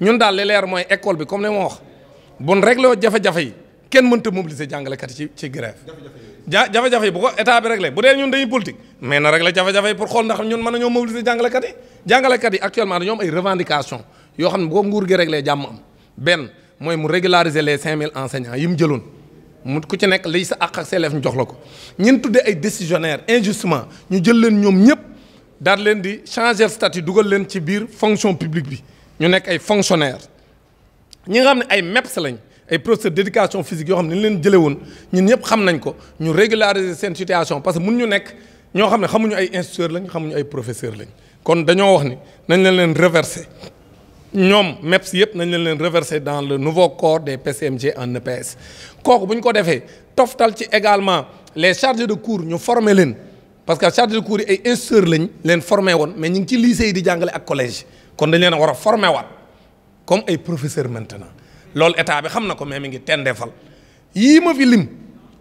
ñun daal li leer mooy école bi comme ni ma wax bun réglé woon jafe-jafe yi kenn mënta mobiliser jàngalekat yi ci ci grève ja jafe-jafe yi bu ko état bi réglé bu dee ñun dañuy politique mais na réglé jafe-jafe yi pour xool ndax ñun mën nañoo mobiliser jàngalekat yi jàngalekat yi actuellement dañoo ay revendication yoo xam ne bu ko nguur gi réglé jàmm am benn mooy mu régulariser les 5000 enseignants yi mu jëloon mu ku ci nekk liy sa àq ak ñu jox la ko ñun tuddee ay décisionnaire injustement ñu jël leen ñoom ñëpp daal leen di changer statut dugal leen ci biir fonction publique bi ñu nekk ay fonctionnaires ñi nga xam ne ay MEPS lañ ay professeur d'éducation physique yoo xam ne ni leen jëlee woon ñun ñëpp xam nañ ko ñu régulariser seen situation parce que mun ñu nekk ñoo xam ne xamuñu ay instituteurs lañ xamuñu ay professeurs lañ kon dañoo wax ni nañ leen leen reverser ñoom MEPS yëpp nañ leen leen reverser dans le nouveau corps des PCMG en EPS kooku bu ñu ko defee toftal ci également les chargés de cours ñu forme leen parce que chargés de cours lañ leen formé woon ñu ngi ci lycée di jàngale ak collège kon dañ leen a war a formé waat comme ay professeur maintenant loolu état bi xam na ko mais mi ngi defal yii ma fi lim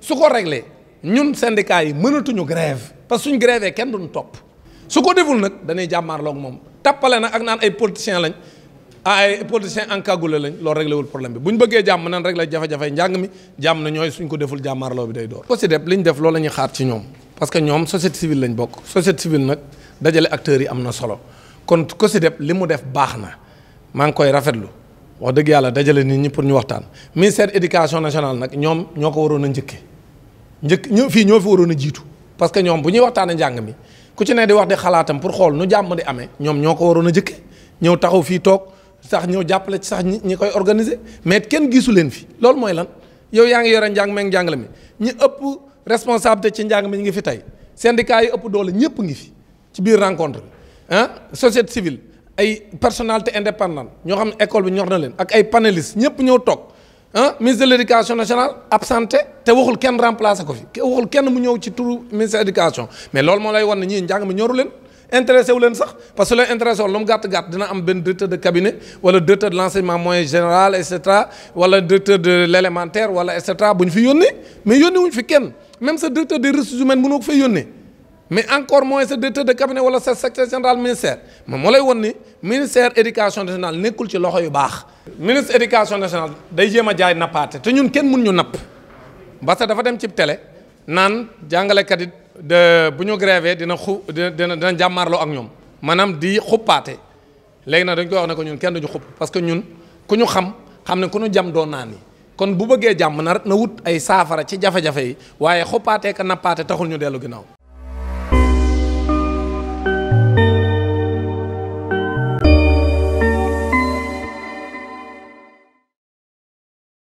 su ko réglé ñun syndicat yi mënatuñu grève parce que suñ grève kenn duñ topp su ko deful nag danay jàmmaarloog moom tappale nag ak naan ay politiciens lañ ah, ay politiciens encagoulés lañ loolu réglé wul problème bi bu ñu bëggee jàmm nan réglé jafe-jafe njàng mi jàmm na ñooy suñ ko deful jàmmaarloo bi day door. ko si def li ñu def loolu la ñuy xaar ci ñoom parce que ñoom société civile lañ bokk société civile nag dajale yi am na solo. kon def li mu def baax na maa ngi koy rafetlu wax dëgg yàlla dajale nit ñi pour ñu waxtaan ministère éducation nationale nag ñoom ñoo ko waroon a njëkke njëkk ñoo fii ñoo fi waroon a jiitu parce que ñoom bu ñuy waxtaanee njàng mi ku ci ne di wax di xalaatam pour xool nu jàmm di amee ñoom ñoo ko waroon a njëkke ñëw taxaw fii toog sax ñëw jàppale ci sax ñi koy organiser mais kenn gisu leen fi loolu mooy lan yow yaa ngi yore njàng meeg njàngale mi ñi ëpp responsabilité ci njàng mi ñu ngi fi tey syndicat yi ëpp doole ñëpp ngi fi ci biir rencontre ah société civile ay personnalité indépendant ñoo xam ne école bi ñor na leen ak ay panélistes ñëpp ñëw toog ah ministre de l' éducation nationale absenté te waxul kenn remplacé ko fi waxul kenn mu ñëw ci turu ministre éducation mais lool moo lay wan ne ñii njàng mi ñoru leen intéressé wu leen sax parce que su leen intéressé woon lu mu gàtt gàtt dina am benn directeur de cabinet wala directeur de l' enseignement moyen général et cetera wala directeur de l' élémentaire wala et bu ñu fi yónnee mais yónnee wuñ fi kenn même sa directeur des ressources humaines ko fay yónnee. mais encore moins sa directeur de cabinet wala sa secrétaire général ministère moom moo lay won ni ministère éducation nationale nekkul ci loxo yu baax. ministre éducation nationale day jéem a jaay nappaate te ñun kenn mun ñu napp ba que dafa dem ci tele naan jàngalekat yi de bu ñu grévé dina xu dina dina dina jàmmaarloo ak ñoom maanaam di xuppaate léegi nag dañ koy wax ne ko ñun kenn duñu xupp parce que ñun ku ñu xam xam ne ku ñu jam doon naa ni kon bu bëggee jàmm na na wut ay saafara ci jafe yi waaye xuppaateeka nappaate taxul ñu dellu ginnaaw.